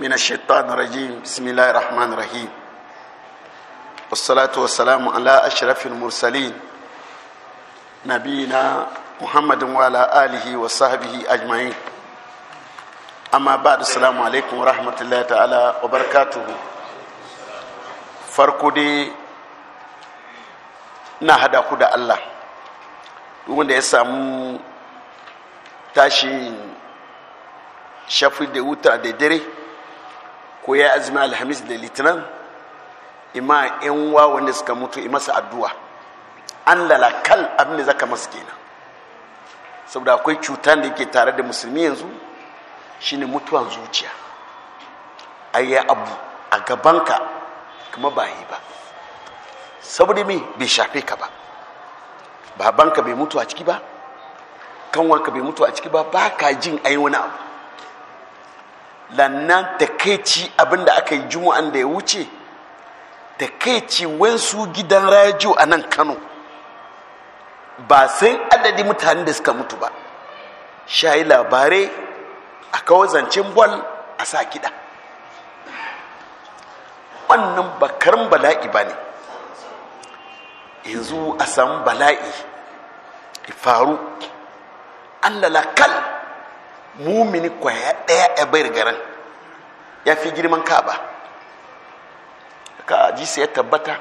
من الشيطان الرجيم بسم الله الرحمن الرحيم والصلاة والسلام على أشرف المرسلين نبينا محمد وعلى آله وصحبه أجمعين أما بعد السلام عليكم ورحمة الله تعالى وبركاته farko dai na hada ku da Allah wanda ya samu tashin shafi da wuta da dare ko ya azumi alhamis da litinin ima yan wa wanda suka mutu masa addu'a an lalakal abin da zaka masu kenan saboda akwai cutar da yake tare da musulmi yanzu shine mutuwan zuciya ayi abu a gabanka kuma ba yi ba saboda mai bai shafe ka ba babanka bai mutu a ciki ba kanwanka bai mutu a ciki ba ba ka jin ayi wani abu lannan abin abinda aka yi juma'an da ya wuce takaici wansu gidan rajo a nan kano ba sai adadi mutane da suka mutu ba shayi labarai a kawo zancen bol a sa kida wannan bakarin bala'i ba ne yanzu a samu bala'i faru an lalakal mumini kwaya ɗaya a bai garin ya fi girman kaba ka ji ya tabbata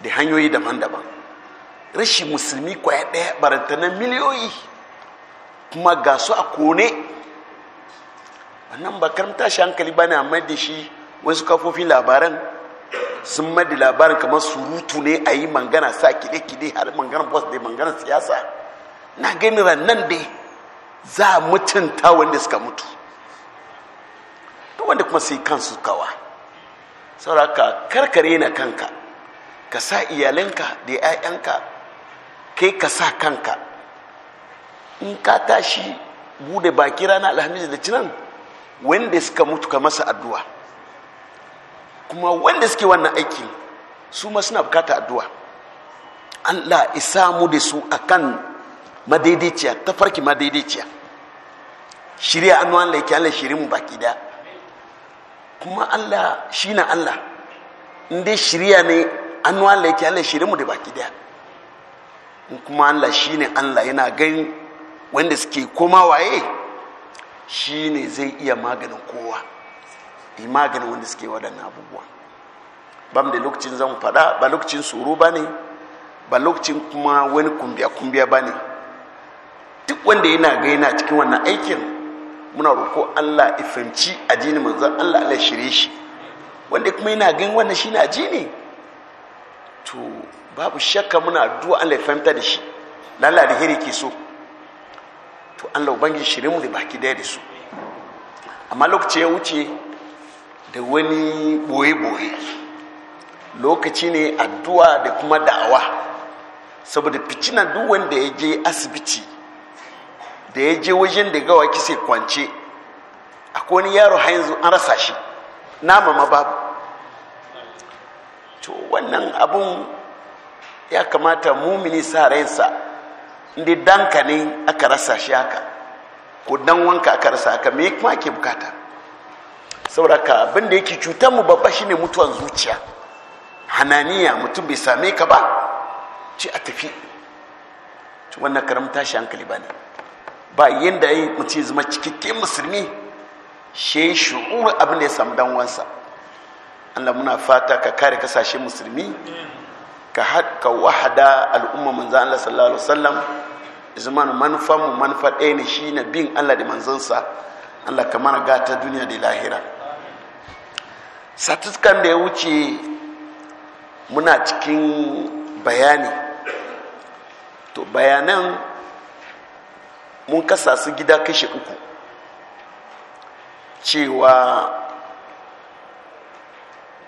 da hanyoyi daban-daban rashin musulmi kwaya ɗaya baranta miliyoyi kuma ga su a kone wannan ba karamta shi hankali ba ne amma da shi wasu kafofi labaran sun madi labarin kamar surutu ne a yi mangana sa kide-kide har mangana bus da mangana siyasa na gani rannan dai za mutunta wanda suka mutu to wanda kuma sai kansu kawa sauraka karkare na kanka ka sa iyalinka da 'ya'yanka kai ka sa kanka in ka tashi bude baki rana alhamis da cinan wanda suka mutu ka masa addu'a kuma wanda suke wannan aiki su ma suna bukata addu'a allah isa mu da su akan madaidaiciya farki madaidaiciya shirya annuwan laiki allah shirin mu baki daya kuma Allah shi na Allah inda shirya ne an Allah yake Allah shirya mu da baki daya kuma Allah shi ne Allah yana gani wanda suke koma waye shi ne zai iya maganin kowa yi maganin wanda suke waɗannan abubuwa mu da lokacin zan faɗa ba lokacin tsoro ba ne ba lokacin kuma wani kumbiya-kumbiya ba ne duk wanda yana ga yana cikin wannan aikin muna roƙo Allah ifanci addini manzan Allah Allah shirye shi wanda kuma yana gan wannan shi shine addini to babu shakka muna addu'a Allah ifanta da shi da alheri ke so to Allah ubangi shirye mu da baki daya da su amma lokaci ya wuce da wani boye-boye lokaci ne addu'a da kuma da'awa saboda fitina duk wanda ya je asibiti da ya je wajen da gawa sai kwance a wani yaro har yanzu an rasa shi nama ma babu to wannan abun ya kamata mumini sa ransa inda danka ne aka rasa shi haka ko dan wanka aka rasa haka me kuma ke bukata sauraka abin da yake cutar mu babba shine mutuwan zuciya hananiya mutum bai same ka ba ci a tafi wannan karamta shi hankali ba ne ba yadda ya yi mutum zama cikakken musulmi shi shu'ur abin da ya samu dan wansa Allah muna fata ka kare kasashe musulmi ka wahada al'umma manzo Allah sallallahu alaihi wasallam manufan mu manufa ɗaya ne shi na bin Allah da manzansa Allah ka mana gata duniya da lahira satiskan da ya wuce muna cikin bayani to bayanan mun kasa su gida kashe uku cewa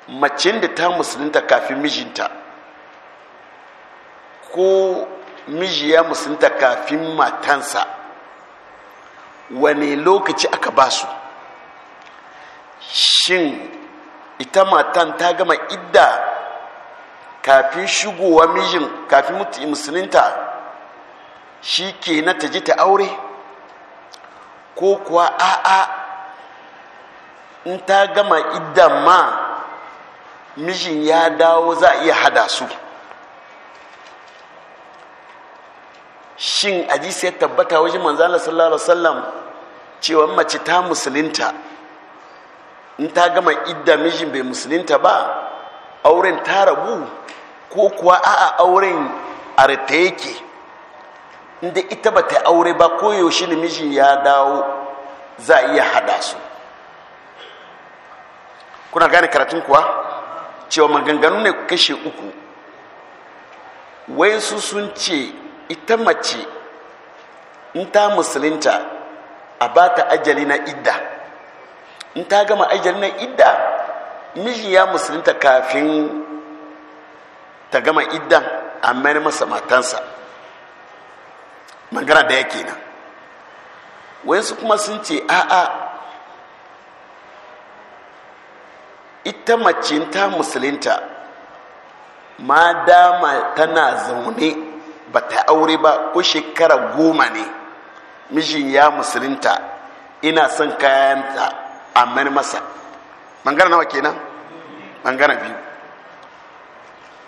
macen da ta musulunta kafin mijinta ko miji ya musulunta kafin matansa wane lokaci aka ba su shin ita matan ta gama idda kafin shigowa mijin kafin musulunta shi ke na ta ji ta aure ko kuwa a'a in ta gama idan ma mijin ya dawo za a iya hada su shin ajiyar ya tabbata wajen manzana sallallahu alaihi wasallam cewa mace ta musulunta in ta gama idan mijin bai musulunta ba auren ta rabu ko kuwa a'a auren a yake inda ita ba ta aure ba koyaushe miji ya dawo za a iya hada su kuna gane karatun kuwa cewa maganganu ne kashe uku wayansu sun ce ita mace in ta musulunta a ba ta ajali na idda in ta gama ajali na idda miji ya musulunta kafin ta gama iddan a mai masa matansa magana da yake nan wayansu kuma sun ce a'a ita macinta musulinta ma dama tana zaune ba ta aure ba ko shekara goma ne mijin ya musulinta ina son kayanta a masa bangaren nawa kenan bangaren biyu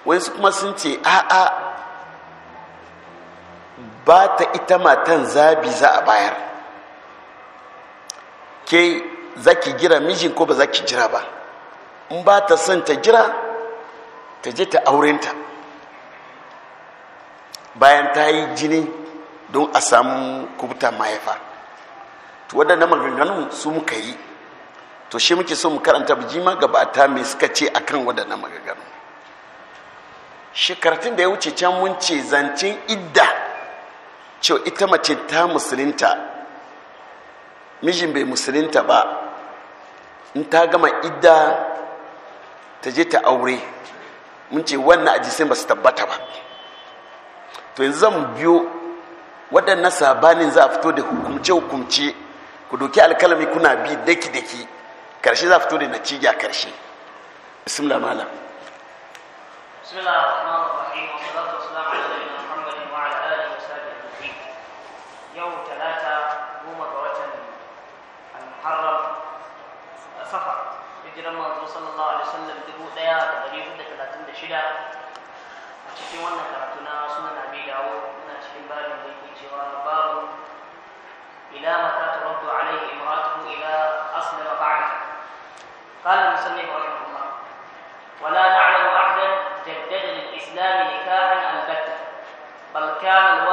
wayansu kuma sun ce a'a ba ta ita matan zabi za a bayar ke za ki gira mijin ko ba za ki jira ba in ba ta son ta jira ta je ta aurenta bayan ta yi jini don a samu kubuta mahaifa to wadanda maganganun su muka yi to shi muke so mu karanta bijima gabata mai suka ce akan wadanda maganganun shekaratun da ya wuce can mun zancen idda cewa ita mace ta musulinta mijin bai musulinta ba in ta gama idda ta je ta aure mun ce wannan ajisai ba su tabbata ba to yanzu zan biyo waɗannan sabanin za a fito da hukumce-hukumce ku doki alkalami kuna bi daki-daki karshe za a fito da natija karshe bismillah malam bismillah cikin wannan karatu na sunan abi dawo na cikin babin da yake cewa babu ila mata turaddu alaihi imratuhu ila aslama ba'da قال المصنف رحمه الله ولا نعلم أحدا جدد للإسلام نكاحا البتة بل كان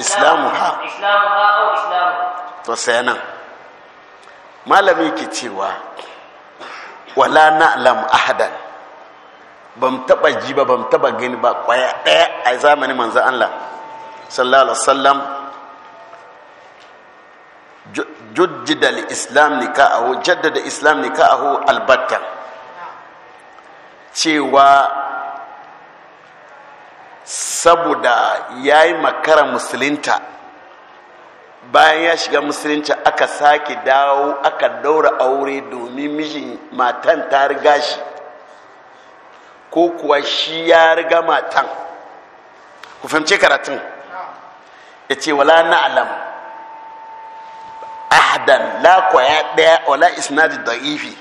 islamuha ha au islamu to malami ke cewa wala na'lam ahadan bam taba ji ba bam taba gani ba kwaya daya a zamanin manzon Allah sallallahu alaihi wasallam juddida al-islam nikahu jaddada islam nikahu albatta cewa saboda ya yi makara musulinta bayan ya shiga musulunci aka sake dawo aka daura aure domin mijin matan ta riga shi ko kuwa shi ya riga matan ku fahimci karatun ya ce wala na alam ahadan la kwaya daya wala isnadi da'ifi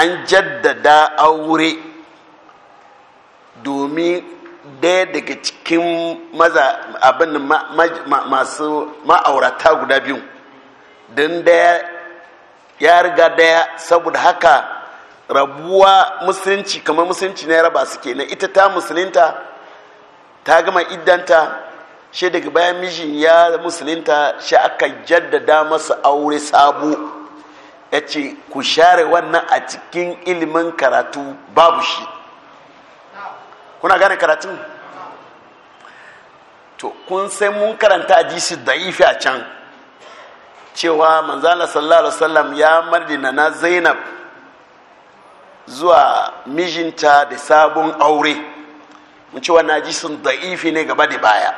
an jaddada aure domin daya daga cikin maza abin masu ma'aurata guda biyu don daya ya riga daya saboda haka rabuwa musulunci kamar musulunci na raba suke na ita ta musulunta ta gama iddanta shi daga bayan mijin ya musulunta shi aka jaddada masa aure sabo ya ce ku share wannan a cikin ilimin karatu babu shi kuna gane karatun to kun sai mun karanta hadisi da'ifi a can cewa manzana sallallahu alaihi wasallam ya mardina na zainab zuwa mijinta da sabon aure mun cewa na jisun da'ifi ne gaba da baya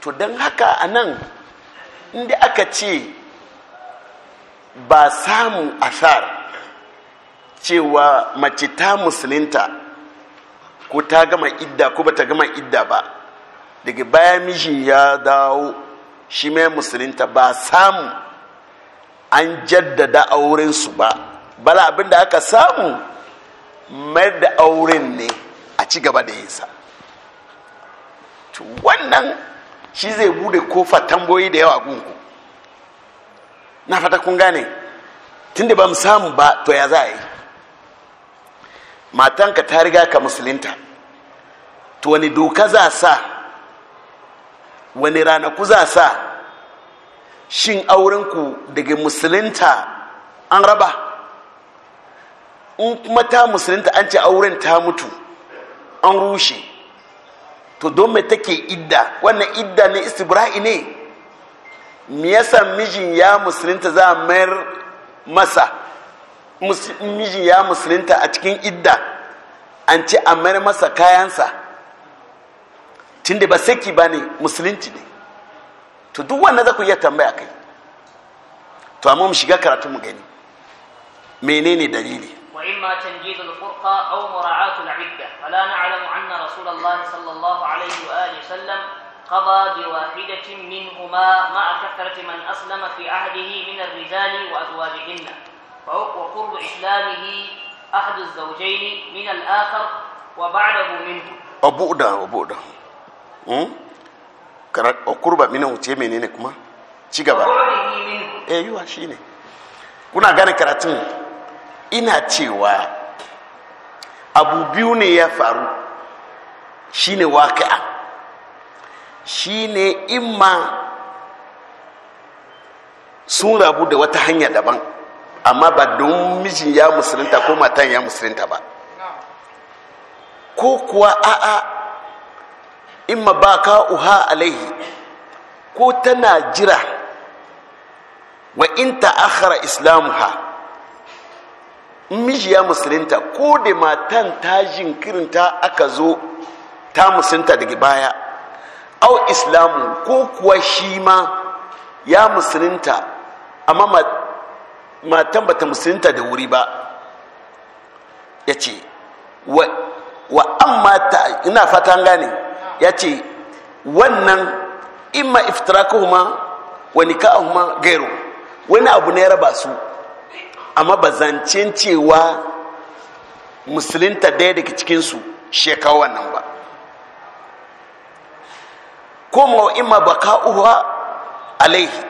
to don haka anan, inda aka ce ba samun asar cewa mace ta musulinta ko ta gama idda ko bata gama idda ba daga baya miji ya dawo shi mai musulinta ba samu an jaddada aurensu ba bala abin da aka samu mayar da auren ne a ci gaba da yinsa wannan shi zai bude kofa tamboyi da yawa gunku na fata kun gane tun da ba mu samu ba to ya za a yi matanka ta riga ka musulinta to wani doka za sa wani ranaku za sa shin aurenku daga musulinta an raba in kuma ta musulinta an ce auren ta mutu an rushe to don mai take idda wannan idda ne istibra'i ne me yasa mijin ya musulinta za a mayar masa miji ya musulunta a cikin idda an ce a mayar masa kayansa tunda ba saki ba ne musulunci ne to duk wannan za ku iya tambaya kai to amma mu shiga karatu mu gani menene dalili وإما تنجيز الفرقة أو مراعاة العدة فلا نعلم أن رسول الله صلى الله عليه وآله وسلم قضى بواحدة منهما مع كثرة من أسلم في عهده من الرجال وأزواجهن وقرب إسلامه أحد الزوجين من الآخر وبعده منه hmm وبعده kurba mina wuce menene kuma ci gaba eh yiwa ne. kuna gane karatun ina cewa abu biyu ne ya faru shi ne shine imma sun rabu da wata hanya daban amma ba don mijin ya musulunta ko matan ya musulunta ba ko kuwa a'a imma ba ka uha alaihi ko tana jira wa in ta ta'akhara islamuha miji ya musulunta ko da matan ta jinkirinta aka zo ta musulunta daga baya au islamu ko kuwa shi ma ya musulunta amma matan ba ta musulunta da wuri ba ya ce wa an mata ina fatan gane ya ce wannan imma wani wa nikahuma gairu wani abu ne raba su amma ba zancen cewa musulunta daya daga cikinsu shekawa wannan ba kuma wa imma ka'uwa alaihi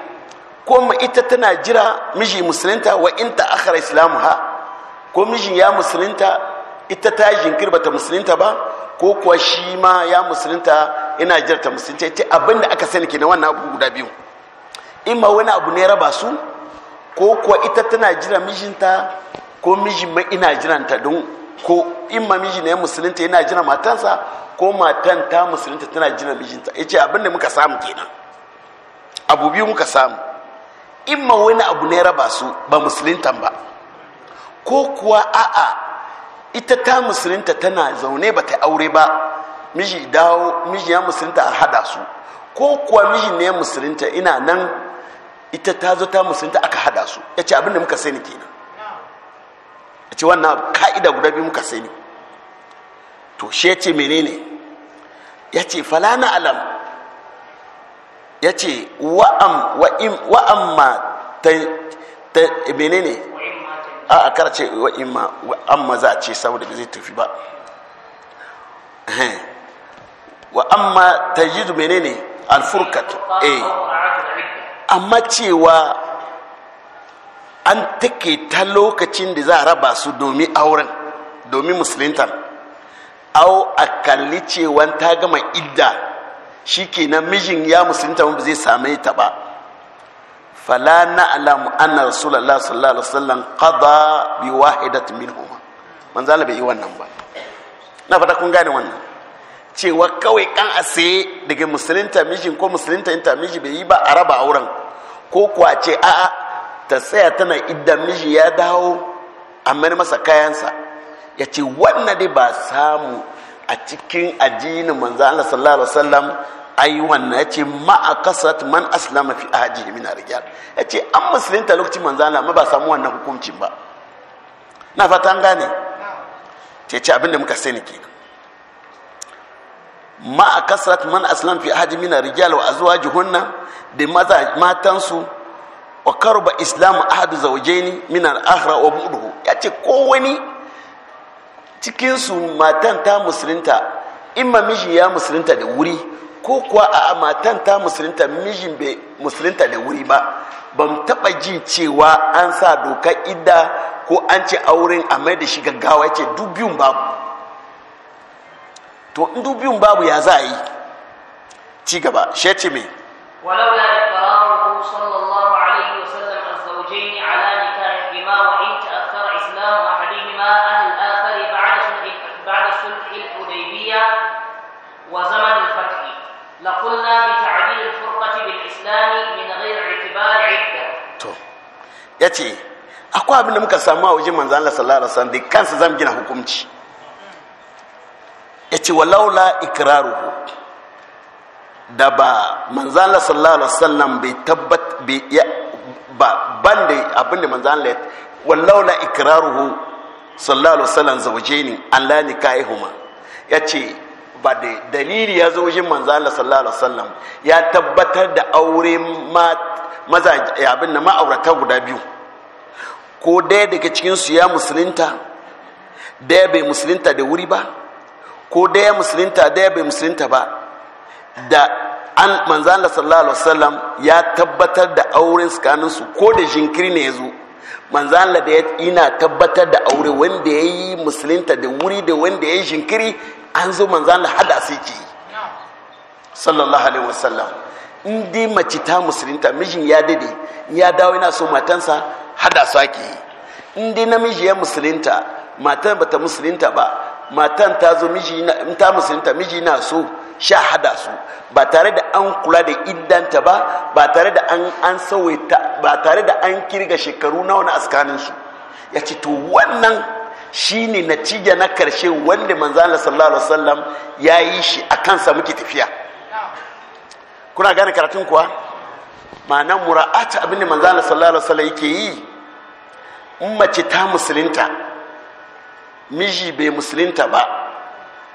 ko ma ita tana jira miji musulunta wa in ta akhara islamu ha ko mijin ya musulunta ita ta jinkir bata musulunta ba ko kuwa shi ma ya musulunta ina jira ta musulunta ita abin da aka sani kenan wannan abu guda biyu in ma wani abu ne raba su ko kuwa ita tana jira mijinta ko mijin ma ina jiranta don ko in ma miji ne musulunta ina jira matansa ko matan ta musulunta tana jira mijinta yace abin da muka samu kenan abu biyu muka samu imma wani abu ne raba su ba musulintan ba ko kuwa a'a ita ta musulinta tana zaune ba ta aure ba miji dawo miji ya musulinta a hada su ko kuwa miji ne musulinta ina nan ita ta zo ta musulinta aka hada su ya ce abinda muka sani kenan ya ce wannan ka'ida guda biyu muka sani to shi ya ce menene ya ce falana alam ya ce ma ta mene ne a kara ce ma za a ce saboda zai tafi ba ma ta yi mene ne alfurkat eh. amma cewa an take ta lokacin da za a raba su domin auren domin musulintan au a kalli cewa ta gama idda shi kenan mijin ya musulunta ba zai same ta ba fala na alamu anna rasulullah sallallahu alaihi wasallam qada bi wahidat minhum manzo Allah bai yi wannan ba na fata kun gane wannan cewa kawai kan ase daga musulunta mijin ko musulunta inta miji bai yi ba a raba auren ko kuwa ce a'a ta tsaya tana idan miji ya dawo amma masa kayansa ya ce wannan dai ba samu a cikin addinin manzo Allah sallallahu alaihi wasallam ai wannan yace ma akasat man aslama fi ahadihi min ar-rijal yace an musulunta lokacin manzo Allah ma ba samu wannan hukuncin ba na fata an gane ce ce abinda muka sani ke ma akasat man aslama fi ahadihi min ar-rijal wa azwajuhunna da matansu wa karba islam ahadu zawjaini min al-akhra wa buduhu yace ko wani cikinsu matan ta musulunta in ma miji ya musulunta da wuri ko kuwa a matan ta musulunta mijin bai musulunta da wuri ba ban taba ji cewa an sa doka idda ko an ce auren a mai da shi gaggawa ce dubiyun babu to in dubiyun babu ya za a yi ci gaba shi ce mai walau ya sallallahu ya ce akwai abin da muka samu a wajen manzan Allah sallallahu alaihi wasallam da kansa zan gina hukunci ya ce walaula ikraruhu da ba manzan Allah sallallahu alaihi wasallam bai tabbat bai ba bande da abin da manzan Allah walaula ikraruhu sallallahu alaihi wasallam zawjaini Allah ni huma ya ce ba da dalili ya zo wajen manzan Allah sallallahu alaihi wasallam ya tabbatar da aure ma mazaje abin nan ma'aurata guda biyu ko ɗaya daga cikinsu ya musulunta ɗaya bai musulunta da wuri ba ko ɗaya musulunta ɗaya bai musulunta ba da an manzana sallallahu alaihi wasallam ya tabbatar da auren tsakaninsu ko da jinkiri ne ya zo manzan da ina tabbatar da aure wanda ya yi musulunta da wuri da wanda ya yi jinkiri an zo da hada sai ke sallallahu alaihi wasallam in dai mace ta musulunta mijin ya dade ya dawo yana so matansa hada su ake yi in dai namiji ya musulinta matan bata musulinta ba matan ta zo miji na so sha hada su ba tare da an kula da iddanta ba ba tare da an an ba tare da an kirga shekaru nawa na askanin su ya ce to wannan shine natija na karshe wanda manzo Allah sallallahu alaihi wasallam ya yi shi a sa muke tafiya kuna gane karatun kuwa ma'ana mura'ata abin da manzana sallallahu ala'uwa yake yi in mace ta Musulinta miji bai Musulinta ba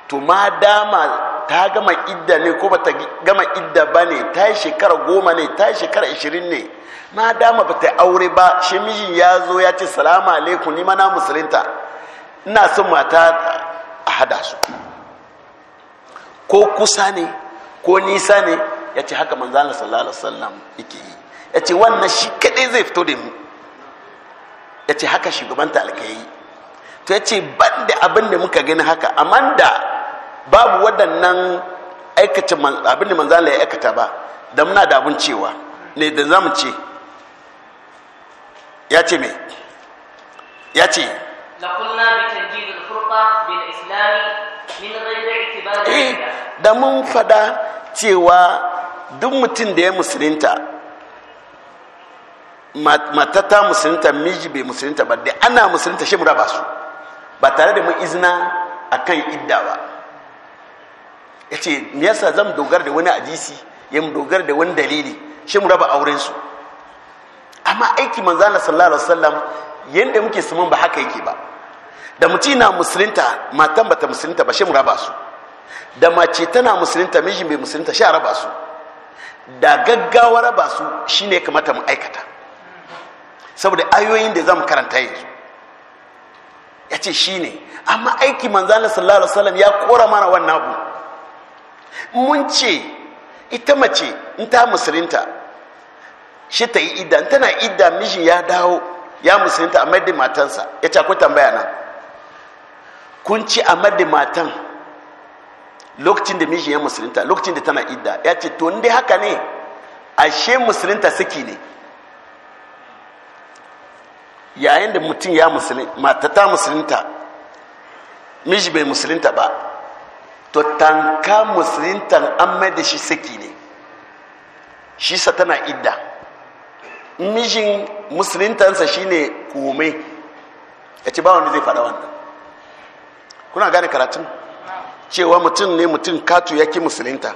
to ma dama ta gama idda ne ko ba ta gama idda ba ne ta yi shekara goma ne ta yi shekara ishirin ne ma dama ba yi aure ba shi miji ya zo ya ce salama alaikum ni mana Musulinta ina son mata a hada su ko kusa ne ko nisa ne ya ce haka manzan Allah sallallahu alaihi wasallam yake yi ya ce wannan shi kadai zai fito da mu ya ce haka shugaban talaka yi to ya ce ban da abin da muka gani haka amma da babu waɗannan aikace abin da manzan Allah ya aikata ba da muna da abin cewa ne da zamu ce ya ce me ya ce eh, da mun fada cewa duk mutum da ya musulunta matata musulunta miji bai musulunta ba da ana musulunta shi mura ba su ba tare da mu izina a kan idda ba ya ce yasa zan dogara da wani hadisi ya mu dogara da wani dalili shi mura ba aurensu amma aiki manzana sallallahu alaihi wasallam yadda muke saman ba haka yake ba da mutum na musulunta matan bata musulunta ba shi mu raba su da mace tana musulunta mijin bai musulunta shi a raba su da gaggawa raba su shine kamata mu aikata saboda ayoyin da za mu karanta yanzu ya ce shi ne, amma aiki manzana sallallahu alaihi wasallam ya kora mana wannan abu mun ce ita mace in ta musulinta shi ta yi idda tana idda miji ya dawo ya musulinta a madin matansa ya ce akwai tambaya na kun ci a madin matan lokacin da mijin ya musulunta lokacin da tana idda ya ce to dai haka ne ashe musulunta saki ne yayin da mutum ya musulunta ta musulunta miji bai musulunta ba to tanka musulintan an mai da shi saki ne shi sa tana idda mijin musuluntansa ne kome ya ce ba wanda zai faɗa wannan kuna gane karatun cewa mutum ne mutum katu yake musulinta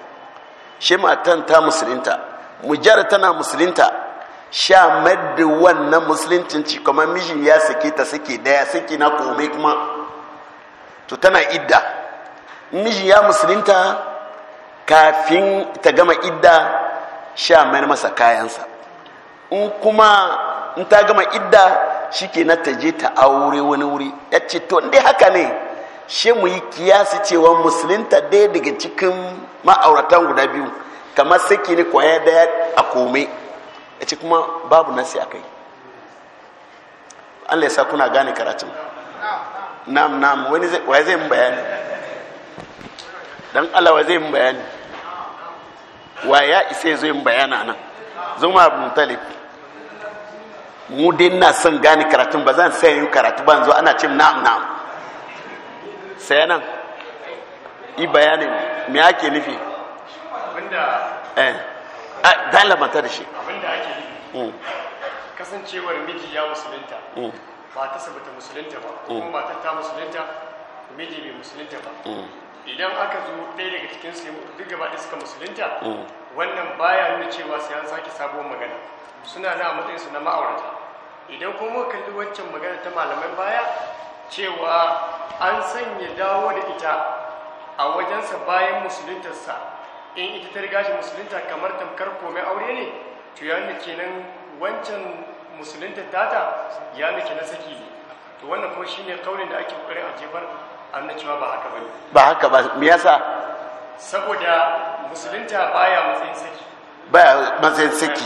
shi matan ta musulinta mujar tana musulinta sha maddi wannan musulincin ci kuma mijin ya sake ta sake daya sake na komai kuma to tana idda mijin ya musulinta kafin ta gama idda sha mai masa kayansa in kuma in ta gama idda shi ke na ta je ta aure wani wuri ya ce to dai haka ne shi mu yi kiyasi cewa musulunta ɗaya daga cikin ma'auratan guda biyu kamar saki ne kwaya daya a kome a ci kuma babu nasi a kai allah ya kuna gane karatun nam nam wani waye zai mun bayani dan allah wa zai mun bayani wa ya isa zai mun bayana nan zuma abu talib mu dai na son gane karatun ba zan sayin karatu ba zo ana cin na'am na'am Sayanan, i yi bayanin me ake nufi eh. dalamata da shi mm. kasancewar miji ya musulunta ba ta sabata musulunta ba mm. kuma matar ta musulunta miji bai musulunta ba mm. idan aka zo ɗaya daga cikin su duk gaba da suka musulunta wannan baya nuna cewa sai an sake sabuwar magana suna na matsayin su na ma'aurata idan kuma kalli wancan magana ta malamai baya cewa an sanya dawo da ita a wajensa bayan musuluntarsa in ita ta riga shi musulunta kamar tamkar komai aure ne to ya nake kenan wancan musuluntar tata ya nake na saki ne to wannan kuma shine kaunin da ake kokarin a jefar na cewa ba haka bane ba haka ba me yasa saboda musulunta baya matsayin saki baya matsayin saki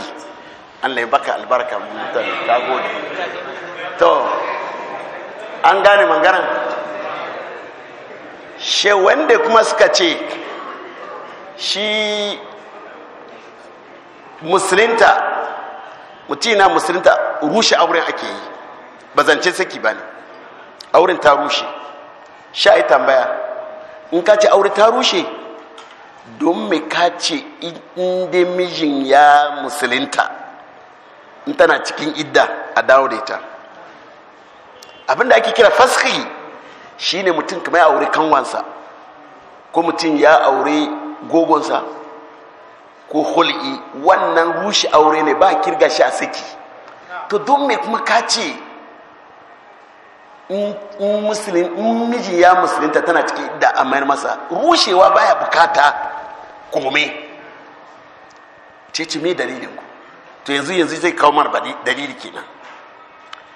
Allah ya baka albarka mutane ka gode to an gane mangaran she wanda kuma suka ce shi musulinta mutina musulinta rushe auren ake yi ba zance saki ba ne auren ta rushe sha yi tambaya in ka ce aure ta rushe don me ka ce inda mijin ya musulinta in tana cikin idda a dawo da ita abinda ake kira faski shine mutum kuma ya aure kanwansa ko mutum ya aure gogonsa ko hul'i wannan rushe aure ne ba kirga shi a saki to don mai kuma ka ce in miji ya musulinta tana ciki da amayar masa rushewa baya bukata kome ceci mai dalilinku to yanzu yanzu zai kawo mar dalili kenan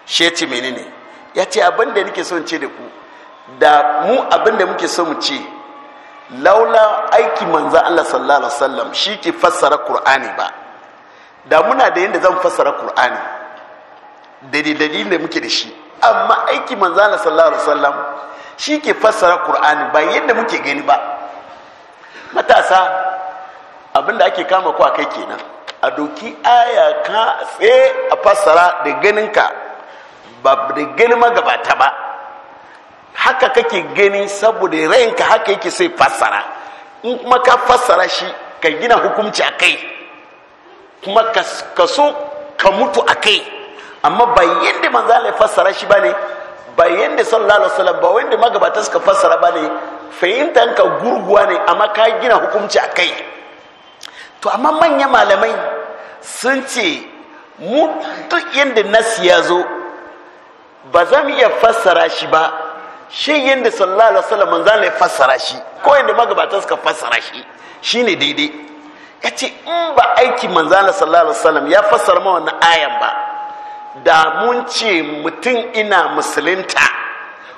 sheci menene ne ya ce abin da nake son ce da ku da mu abin da muke son mu ce laula aiki manzan Allah sallallahu alaihi wasallam shi ke fassara Kur'ani ba da muna da yanda zan fassara Kur'ani daidai da muke da shi amma aiki manzan Allah sallallahu alaihi wasallam shi ke fassara Kur'ani ba yanda muke gani ba matasa abin da ake kama ku a kenan a doki aya ka tse a fassara da ganinka ba da gani magabata ba haka kake gani saboda rayinka haka yake sai fassara in kuma ka fassara shi ka gina hukunci a kai kuma ka so ka mutu a kai amma ba yadda manzala ya fassara shi ba ne ba yadda sallallahu alaihi wasallam ba wanda magabata suka fassara ba ne ka gurguwa ne amma ka gina hukunci a kai to amma manya malamai sun ce mu duk yadda nasi ya zo ba za mu iya fassara shi ba shi yadda sallallahu alaihi wasallam manzo ya fassara shi ko yadda magabatan suka fassara shi shine daidai yace in ba aiki manzo sallallahu alaihi wasallam ya fassara ma wannan ayan ba da mun ce mutum ina musulinta,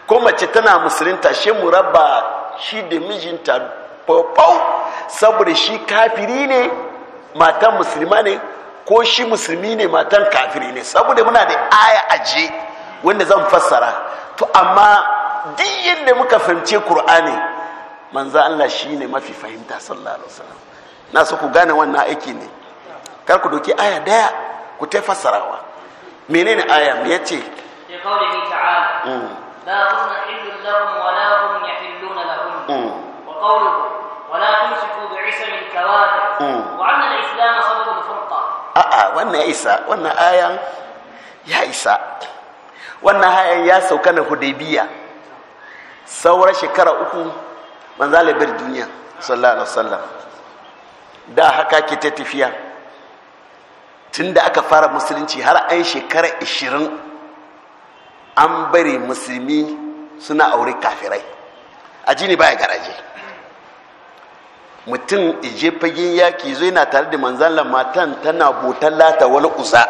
ko mace tana musulunta shi mu rabba shi da mijinta fafau saboda shi kafiri ne matan musulma ne ko shi musulmi ne matan kafiri ne saboda muna da aya aje wanda zan fassara to amma duk yadda muka fahimce Kur'ani manzo Allah shine mafi fahimta sallallahu alaihi wasallam na so ku gane wannan aiki ne kar ku doki aya daya ku ta fassarawa menene aya me yace ya qawli ta'ala mm. mm. isa mm. ya isa wannan hayan ya sauka na hudaybiya saura shekara uku manzo duniya sallallahu alaihi wasallam da haka ke ta tafiya tunda aka fara musulunci har an shekara 20 an bari musulmi suna aure kafirai ajini baya garaje mutum ije fagen yaki zo yana tare da manzan matan tana botan lata wani uza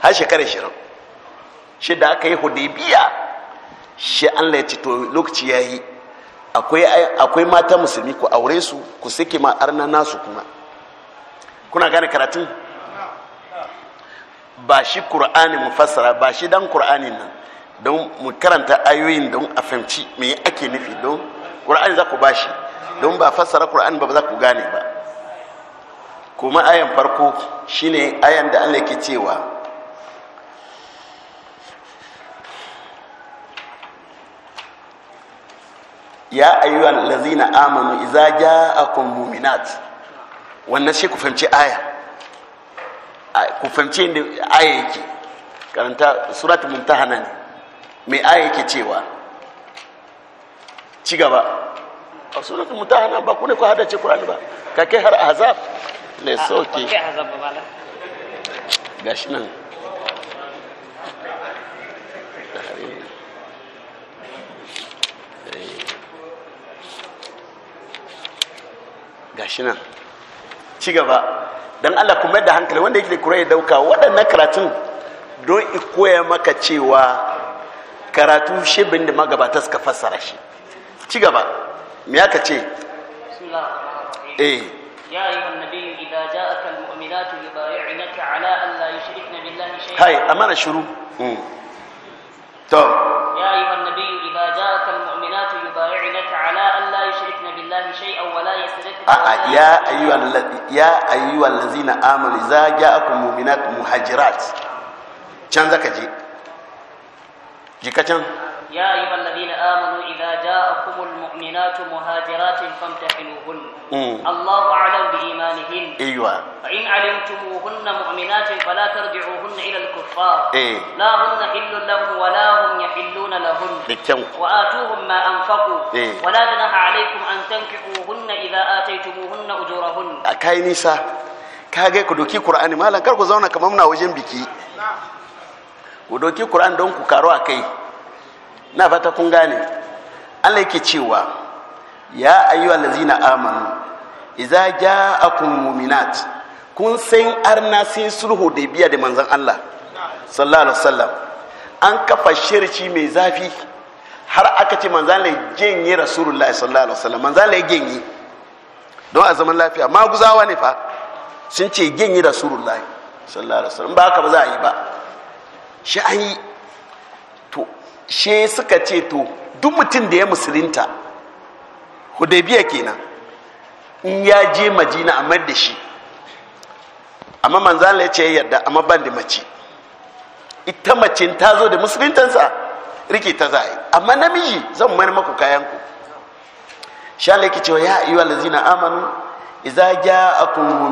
har shekara 20 shi da aka yi hudibiya shi allah ya to lokaci ya yi akwai mata musulmi ku aure su ku sake ma arna nasu kuma kuna gane karatun ba shi ƙur'ani mu fassara ba shi dan ƙur'ani nan don mu karanta ayoyin don a fahimci me ake nufi don ƙur'ani za ku ba shi don ba fassara ƙur'ani ba za ku gane ba kuma ayan farko shine ayan da allah ke cewa ya ayyuhal lazina amanu idza ja'akum mu'minat wannan shi ku fahimci aya ku fahimci inda aya yake karanta surat muntahana ne mai aya yake cewa ci gaba a surat muntahana ba ku ne ku ce Qur'ani ba ka kai har azab ne soke gashi nan gashi nan ci gaba don allah kuma da hankali wanda yake kura ya dauka waɗannan karatun don koya maka cewa karatu shebin da magabata suka fassara shi ci gaba me aka ce eh ya ayyuhan nabi idza ja'aka al-mu'minatu yi ala an la yushrikna billahi shay'an hay amana shuru hmm. to يا أيها النبي إذا جاءك المؤمنات يبايعنك على أن لا يشركن بالله شيئا ولا يسرقن آه يا أيها يا أيها الذين آمنوا إذا جاءكم مؤمنات مهاجرات كان ذاك جي جي كان يا أيها الذين آمنوا إذا جاءكم المؤمنات مهاجرات فامتحنوهن الله أعلم بإيمانهن أيوة فإن علمتموهن مؤمنات فلا ترجعوهن إلى الكفار لا هن حل لهم ولا هم يحلون لهن وآتوهم ما أنفقوا ولا جناح عليكم أن تنكحوهن إذا آتيتموهن أجورهن أكاي نيسا كاجي كدوكي قرآن مالا كاركو زونا كمامنا وجنبكي ku doki Qur'an don ku karo a na fata kun gane Allah yake cewa ya ayyuha allazina amanu idza ja'akum mu'minat kun san arna sai sulhu da biya da manzon Allah sallallahu alaihi wasallam an kafa shirci mai zafi har aka ce manzan lai genye rasulullahi sallallahu alaihi wasallam manzan lai genye don a zaman lafiya maguzawa ne fa sun ce genye rasulullahi sallallahu alaihi wasallam ba haka ba za a yi ba shi an yi she suka ce to duk mutum da ya musulunta hudaybiya kenan in ya je majina a mar da shi amma manzala ya ce ya yarda amma ban da mace ita mace ta zo da musulintansa rike ta zai amma namiji zan mayar maku kayanku sha laiki cewa ya ayyuwa lazina amanu iza a kuma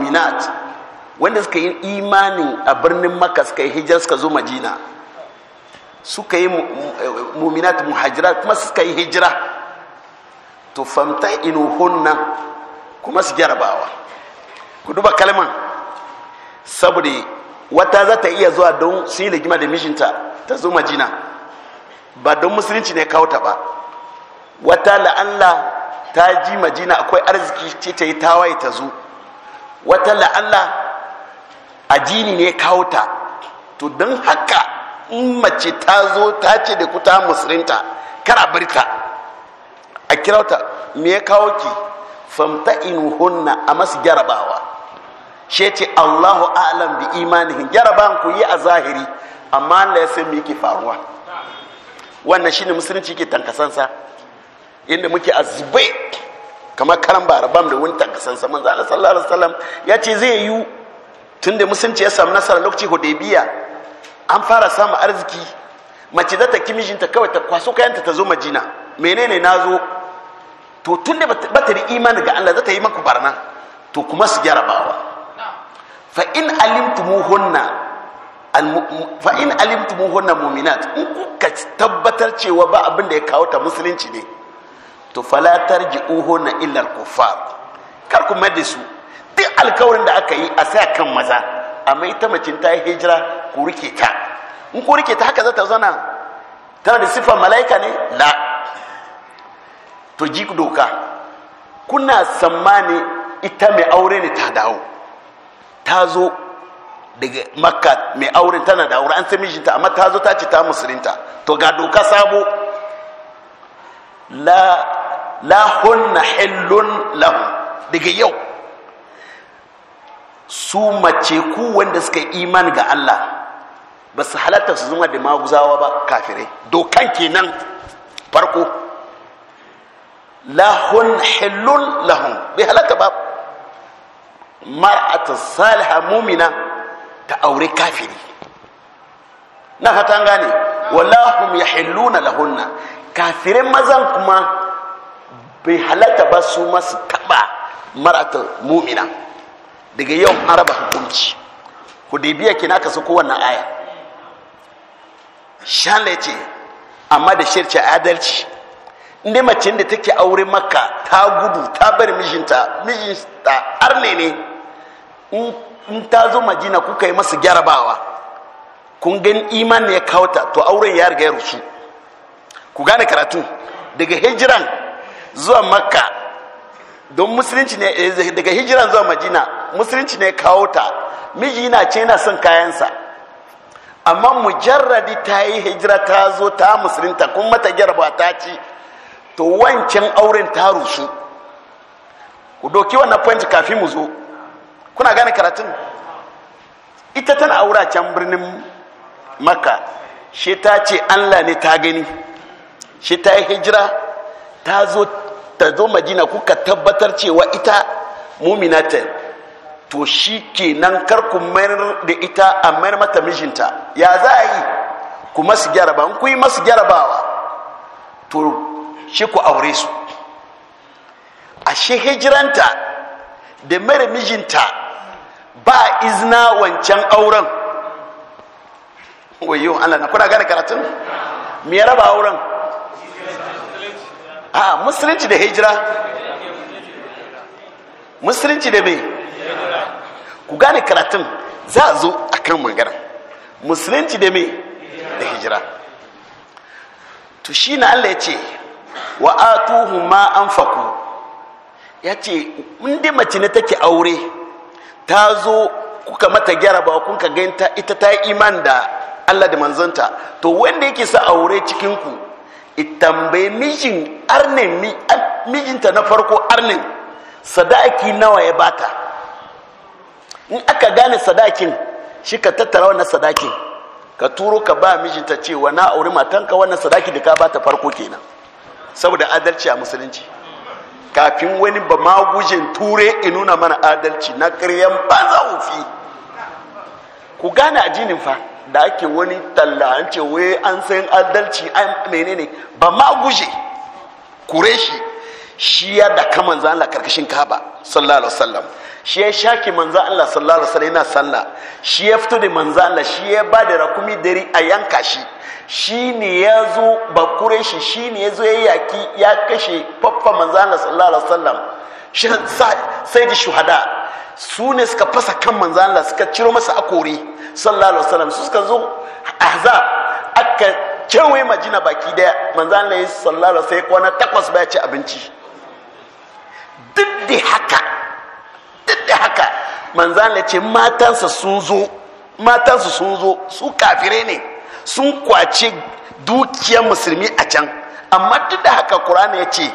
wanda suka yi imanin a birnin makka suka yi hijira suka zo majina suka yi muminat muhajira kuma suka yi hijira to famta inuhunna kuma su jarabawa ku duba kalman saboda wata za ta iya zuwa don su yi ligima da mishinta ta zo majina ba don musulunci ne kawuta ba wata la'alla ta ji majina akwai arziki ce ta yi tawaye ta zo wata la'alla a jini ne kawuta to don haka in mace ta zo ta ce da kuta musulinta kara birta a kirauta me ya kawo ki famta hunna a masu jarabawa she ce allahu alam bi imanihin gyaraban ku yi a zahiri amma allah ya san me yake faruwa wannan shine musulunci ke tankasansa inda muke azube kamar karan barabam da wani tankasansa manzo Allah sallallahu alaihi wasallam ya ce zai yi tunda musulunci ya samu nasara lokaci hudaybiya an fara samun arziki mace za ta ki mijinta kawai ta kwaso kayanta ta zo majina menene na zo to tun da ba ta imani ga allah za ta yi maku barna to kuma su gyara bawa fa in alimtumuhunna fa alimtumuhunna mu'minat in kuka tabbatar cewa ba abin da ya kawo ta musulunci ne to fala ji illa illar kuffar kar ku mai da su duk alkawarin da aka yi a sa kan maza amma ita macinta ta yi hijira ku rike ta in ku rike ta haka za ta zana tana da siffar mala'ika ne la to ji doka kuna tsammani ita mai aure ne ta dawo ta zo daga makka mai aure tana da aure an sai mijinta amma ta zo ta ci ta musulinta to ga doka sabo la la hunna hillun lahu daga yau su mace ku wanda suka imani ga Allah ba su halatta su zama da maguzawa ba kafirai dokan kenan farko lahun hillun lahun bai halatta ba mar'ata saliha mumina ta aure kafiri na hatan gane wallahum yahilluna lahunna kafirin mazan kuma bai halatta ba su masu taba mar'ata mumina daga yau an raba hukunci biya kina ka su kowanne aya shala ce amma da shirce adalci inda mace da take aure maka ta gudu ta bari mijinta mijinta arne ne in ta zo majina kuka yi masu gyarabawa kun gan iman ne ya kawata to auren ya riga ya rusu ku gane karatu daga hijiran zuwa makka don musulunci ne eh, daga hijiran zuwa majina musulunci ne kawo ta miji yana ce yana son kayansa amma mujarradi ta yi hijira ta zo ta musulunta kuma mata gyarba ta ci to wancan auren ta rusu ku doki wannan point kafin mu zo kuna gane karatun ita tana aura can birnin maka shi ta ce allah ne ta gani shi ta yi hijira ta zo ta zo madina kuka tabbatar cewa ita ta to shi ke kar ku mayar da ita a mayar mata mijinta ya za a yi ku masu gyara in ku yi masu gyara wa to shi ku aure su A shi hijiranta da mayar mijinta ba izina wancan auren wayo Allah na kuna gane karatun mai raba auren a ah, musulunci da hijira musulunci da mai ku gane karatun za a zo a kan magana musulunci da me? da hijira to shi na allah ya ce wa atuhu ma an faku ya ce inda mace ne take aure ta zo kuka mata gyara ba kun ka ganta ita ta yi iman da allah da manzanta to wanda yake sa aure cikinku itambaye mijin arnin mijinta na farko arnin sadaki nawa ya bata in aka gane sadakin shi ka tattara wannan sadakin ka turo ka ba mijinta cewa na auri matanka wannan sadaki da ka ba ta farko kenan saboda adalci a musulunci kafin wani ba magujin ture in nuna mana adalci na karyan banza fi ku gane ajinin fa da ake wani talla an ce wai an san adalci an menene ba maguje kure shi shi ya da ka manzo Allah karkashin Kaaba sallallahu alaihi wasallam shi ya shaki manzo Allah sallallahu alaihi wasallam yana sallah shi ya fito da manzo Allah shi ya ba da rakumi dari a yanka shi shi ne ya zo bakure shi shi ne ya zo ya yaki ya kashe faffa manzo Allah sallallahu alaihi wasallam sai da shuhada su ne suka fasa kan manzo Allah suka ciro masa akori sallallahu alaihi wasallam su suka zo ahzab aka kewaye majina baki daya manzo Allah sallallahu alaihi wasallam sai kwana takwas ba ya ci abinci duk da haka duk da haka ya ce matansa sun zo matansa sun zo su kafire ne sun kwace dukiyar musulmi a can amma duk da haka kur'ani ya ce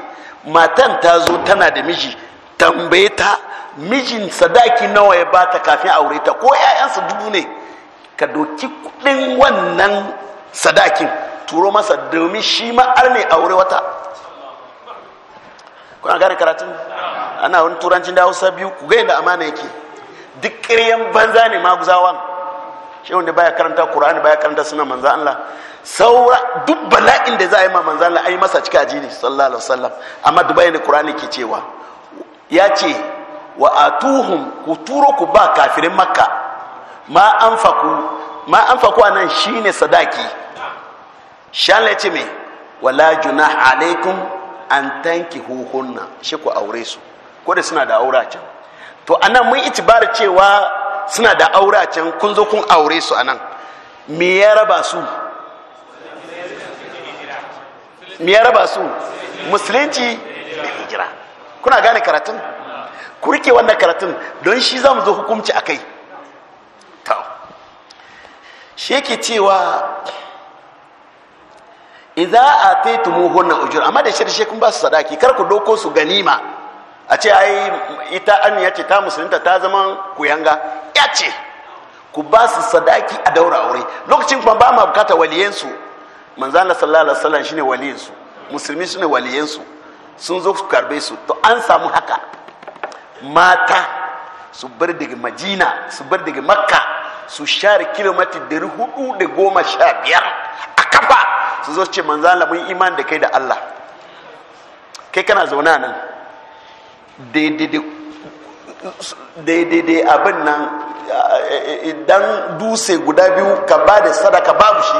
matan ta zo tana da miji tambaye ta mijin sadaki nawa ya bata kafin aure ta ko 'ya'yansa dubu ne ka doki kudin wannan sadakin turo masa domin shi ma'ar ne aure wata kuna gane karatun ana wani turancin da hausa biyu ku ga yadda amana yake duk ƙiryan banza ne maguzawan shi wanda baya karanta qur'ani baya karanta suna manzo Allah saura duk bala'in da za a yi ma manzo Allah yi masa cika ajini sallallahu alaihi wasallam amma dubai ne qur'ani ke cewa ya ce wa atuhum ku turo ku ba kafirin makka ma anfaku ma anfaku anan shine sadaki shan ce me wala junah alaikum an tanki huhunna shi ku aure su ko da suna da aura can to anan mun itibar cewa suna da aura can kun zo kun aure su anan me ya raba su me ya raba su musulunci da hijira kuna gane karatun ku rike wannan karatun don shi za mu zo hukunci akai to shi yake cewa idza ataytumuhunna ujur amma da shirshe kun ba su sadaki kar ku doko su ganima a ce ai ita an ya ce ta musulunta ta zama kuyanga ya ce ku ba su sadaki a daura aure lokacin kuma ba ma bukata waliyansu manzana sallallahu alaihi wasallam shine waliyansu musulmi shine waliyansu sun zo su karbe su to an samu haka mata su bar daga madina su bar daga makka su share kilomita 415 a kafa su zo ce manzan labin iman da kai da Allah kai kana zauna nan daidai abin nan idan dutse guda biyu ka ba da sadaka babu shi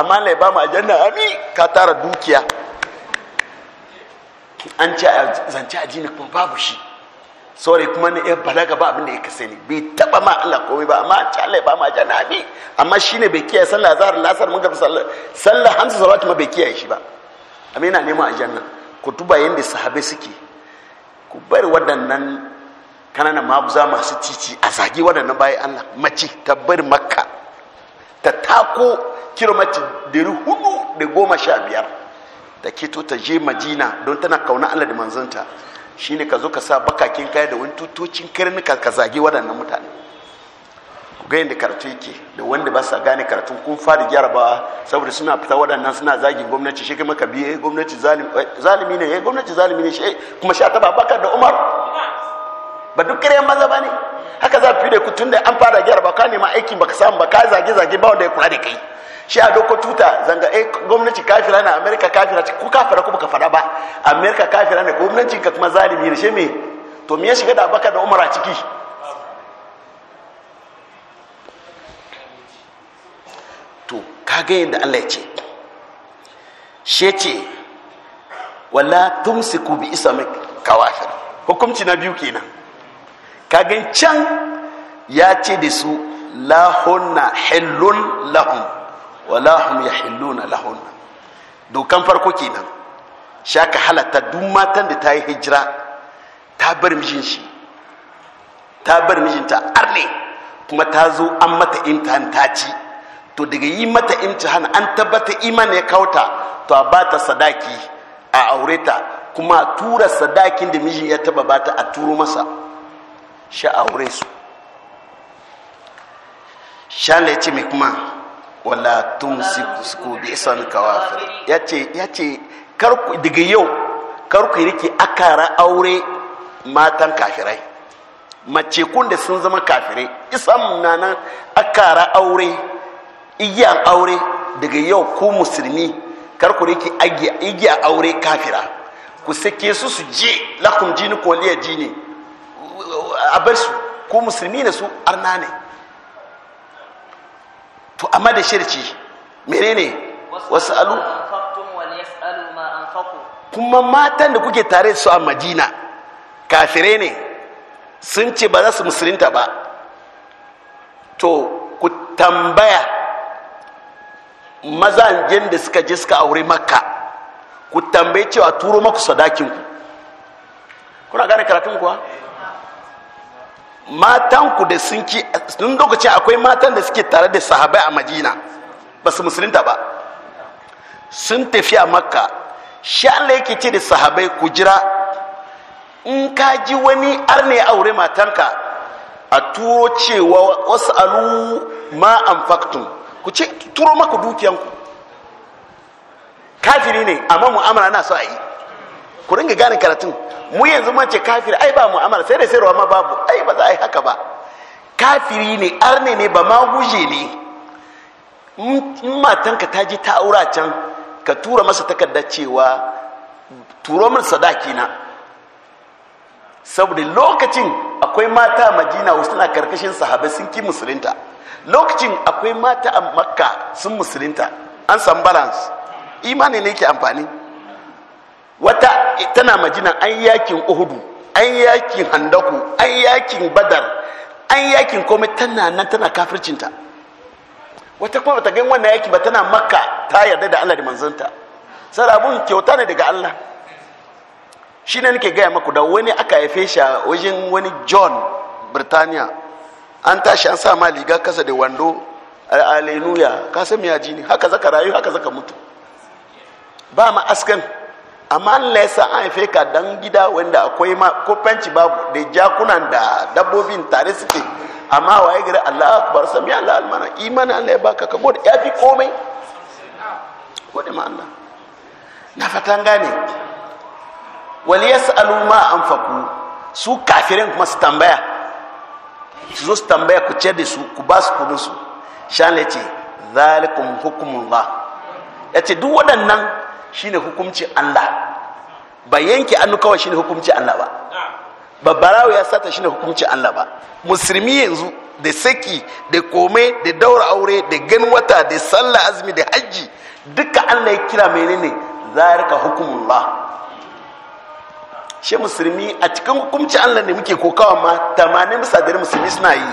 amma lai ba mu ami ka tara dukiya an ce zance jini kuma babu shi sorry kuma ne yan balaga ba abin ya kasa ne bai taba ma Allah komai ba amma cale ba ma janabi amma shine bai kiyaye sallah zahar lasar mun gafi sallah sallah hamsa ma bai kiyaye shi ba amma yana neman aljanna ku tuba yanda sahabbai suke ku bar waɗannan kananan mabuza masu cici a zagi waɗannan bayan Allah mace ta bar makka ta tako kilomita dari hudu da goma sha biyar da keto ta je majina don tana kauna Allah da manzanta shine ka zo ka sa bakakin kaya da wani tutocin karnuka ka zage waɗannan mutane ku ga yadda karatu yake da wanda ba sa gane karatu kun fara gyarabawa saboda suna fita waɗannan suna zagi gwamnati shi kuma ka biye eh, gwamnati eh, zalimi ne ya eh, gwamnati zalimi ne shi kuma sha ta babakar da umar ba duk kare maza ba ne haka za fi da ku tun da an fara gyaraba ka nema aikin baka samu ba ka zage zage ba wanda ya kula da kai shi a doko tuta zanga eh gwamnati kafira na amerika kafira ce ku kafira ku baka fada ba amerika kafira ne gwamnati ka kuma zalimi ne shi me to me ya shiga da abaka da umara a ciki to kaga yanda allah ya ce shi ya ce wala tumsiku bi isami kawafir hukunci na biyu kenan kagan can ya ce da su lahunna hillun lahun wala hum yahilluna lahun dokan farko kenan shaka halatta duk matan da ta yi hijira ta bar mijin shi ta bar mijinta arne kuma ta zo an mata imtihan ta ci to daga yi mata imtihan an tabbata iman ya kauta to a bata sadaki a aureta, kuma tura sadakin da mijin ya taba bata a turo masa sha aure su sha ya ce mai kuma wala tumsiku bi isan kawafir yace yace kar ku daga yau kar ku rike akara aure matan kafirai mace kun da sun zama kafirai isan nana akara aure igiyan aure daga yau ku musulmi kar ku rike igiya aure kafira ku sake su su je lakum jini ko liya jini a su ku musulmi ne su arna ne to amma da shirci menene wasu alu kuma matan da kuke tare su a madina kafire ne sun ce ba za su musulinta ba to ku tambaya mazajen da suka je suka aure makka ku tambaye cewa turo maku sadakinku kuna gane karatun kuwa matanku da sun ki sun lokaci akwai matan da suke tare da sahabai a madina ba su musulunta ba sun tafi a makka shi Allah yake ce da sahabai ku jira in ka ji wani arne aure matanka a turo cewa wasu alu ma anfaktum ku ce turo maku dukiyanku kafiri ne amma mu'amala na so a yi ku ringa gane karatun mu yanzu mace ce kafiri ai ba mu'amala sai da sayarwa ma babu ai ba za a yi haka ba kafiri ne arne ne ba ma guje ne in matanka ta ji ta aura can ka tura masa takarda cewa turo min sadaki na saboda lokacin akwai mata a madina wasu suna karkashin sahabai sun ki musulunta lokacin akwai mata a makka sun musulunta an san balance imani ne ke amfani wata tana majina an yakin uhudu an yakin handaku an yakin badar an yakin komai tana nan tana kafircinta wata kuma bata gan wannan yaki ba tana makka ta yarda da Allah da manzanta sai kyauta ne daga Allah shi ne nake gaya maku da wani aka haife shi a wajen wani john birtaniya an tashi an sa ma liga kasa da wando aleluya ka san me ne haka zaka rayu haka zaka mutu ba ma askan amma Allah ya sa an haife ka dan gida wanda akwai ma ko fanci babu da jakunan da dabbobin tare suke amma waye gari Allah akbar sami Allah almana imani Allah ya baka ka gode ya fi komai gode ma Allah na fatan gane wal yas'alu ma anfaqu su kafirin kuma su tambaya su zo su tambaya ku ce da su ku ba su kudin su shan ce zalikum hukumullah ce duk waɗannan shine hukunci Allah ba yanke annu kawai shine hukunci Allah ba babbarawo ya sata shine hukunci Allah ba musulmi yanzu da saki da kome da daura aure da gan wata da sallah azumi da hajji duka Allah ya kira menene zarika hukumullah shi musulmi a cikin hukunci Allah ne muke kokawa ma 80 bisa musulmi suna yi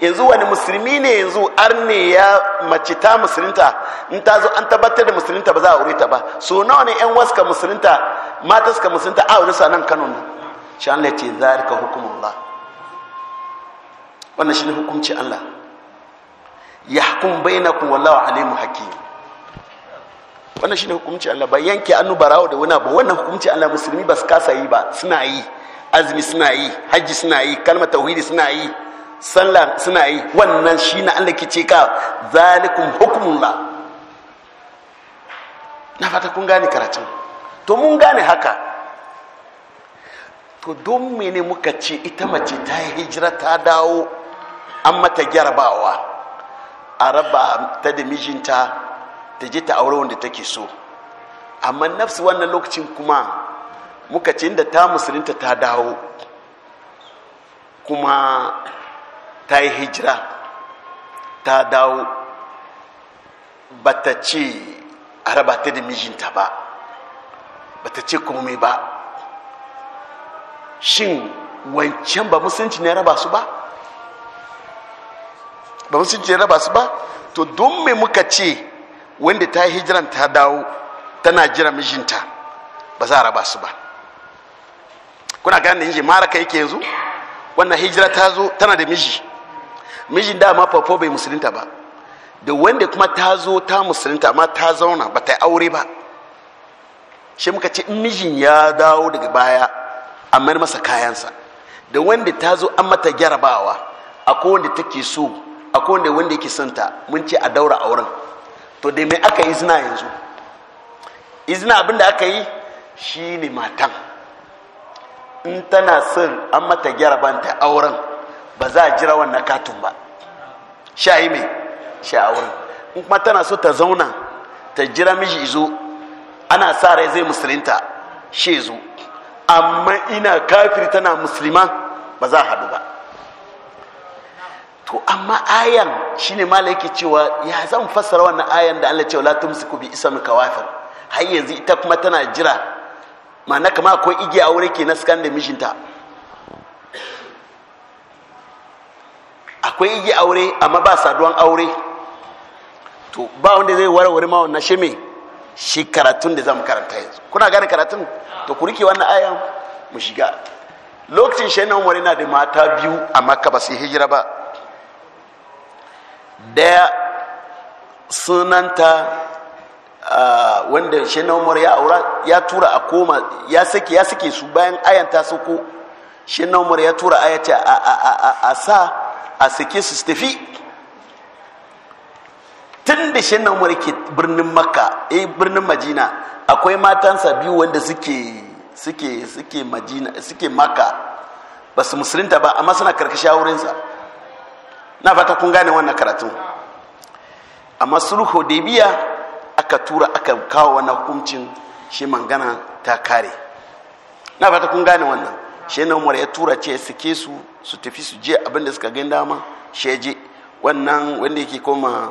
yanzu wani musulmi ne yanzu arne ya mace ta musulunta in ta zo an tabbatar da musulunta ba za a aure ta ba so nawa ne yan waska musulunta mata suka musulunta a aure su nan Kano ne shi Allah ce zalika hukumullah wannan shine hukunci Allah yahkum bainakum wallahu alimu hakim wannan shine hukunci Allah ba yanke annu barawo da wani ba wannan hukunci Allah musulmi ba su kasa yi ba suna yi azumi suna yi hajji suna yi kalmar tauhidi suna yi sallah suna yi wannan shi na Allah ke ce ka zalikum hukumullah na fata kun gane karatun to mun gane haka to don mene muka ce ita mace ta yi hijira ta dawo an mata gyarbawa a raba ta da mijinta ta je ta aure wanda take so amma nafsu wannan lokacin kuma muka ce inda ta musulunta ta dawo kuma ta yi hijira ta dawo ba ta ce a raba ta da mijinta ba ba ta ce komai ba shin wancan ba musulunci ne raba su ba ba musulunci ne raba su ba to don me muka ce wanda ta yi hijiran ta dawo tana jira mijinta ba za a raba su ba kuna ganin da maraka yake yanzu wannan hijira ta zo tana da miji mijin dama farko bai musulunta ba da wanda kuma ta zo ta musulunta amma ta zauna ba ta aure ba shi muka ce mijin ya dawo daga baya a mayar masa kayansa da wanda ta zo an mata gyarabawa akwai wanda take so akwai wanda wanda yake santa mun ce a daura auren to da mai aka yi izina yanzu izina abin da aka yi shi ne matan in tana son an mata ta auren ba za a jira wannan katun ba sha yi mai sha wurin in kuma tana so ta zauna ta jira miji izo ana sa rai zai musulinta shi zo amma ina kafir tana musulma ba za a haɗu ba to amma ayan shine mala yake cewa ya zan fassara wannan ayan da Allah cewa su kubi isa isam kawafir har yanzu ita kuma tana jira na kama akwai igiya aure ke na da mijinta akwai igi aure amma ba saduwan aure to ba wanda zai warware ma wannan shi shi karatun da zamu karanta yanzu kuna gane karatun to ku rike wannan ayan mu shiga lokacin shi nan wani na da mata biyu a makka ba su hijira ba daya sunanta wanda shi na umar ya aura ya tura a koma ya sake ya sake su bayan ayan ta soko shi na umar ya tura ayata a sa a sake su tafi tun da shi nan ke birnin makka eh birnin majina akwai matansa biyu wanda suke suke suke majina suke makka ba su musulunta ba amma suna karkashin wurinsa na fata kun gane wannan karatun amma sulhu biya aka tura aka kawo wannan hukuncin shi mangana ta kare na fata kun gane wannan shi nan ya tura ce suke su su tafi su je abin da suka gani dama sheje wannan wanda yake koma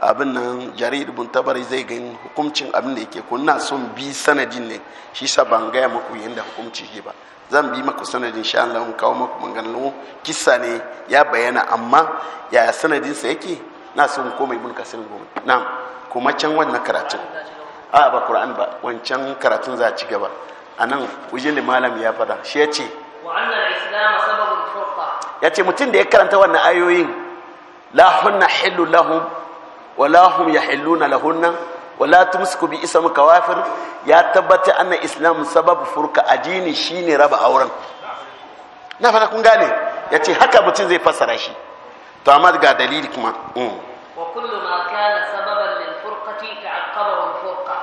abin nan jarir ibn tabari zai gani hukuncin abin da yake kunna son bi sanadin ne shi sa ban gaya maku yadda hukunci ke ba zan bi maku sanadin sha Allah mun kawo maku maganganun kissa ne ya bayyana amma ya sanadin sa yake na son koma ibn kasir goma na'am kuma can wannan karatun a ba qur'an ba wancan karatun za ci gaba anan wajen malam ya fada shi ya ce ya ce mutum da ya karanta wannan ayoyin la hunna hillu lahum wa la hum yahilluna lahunna wa la tumsiku bi ism kawafir ya tabbata anna islam sababu furka addini shine raba auren na fata kun gane ya ce haka mutum zai fassara shi to amma ga dalili kuma wa kullu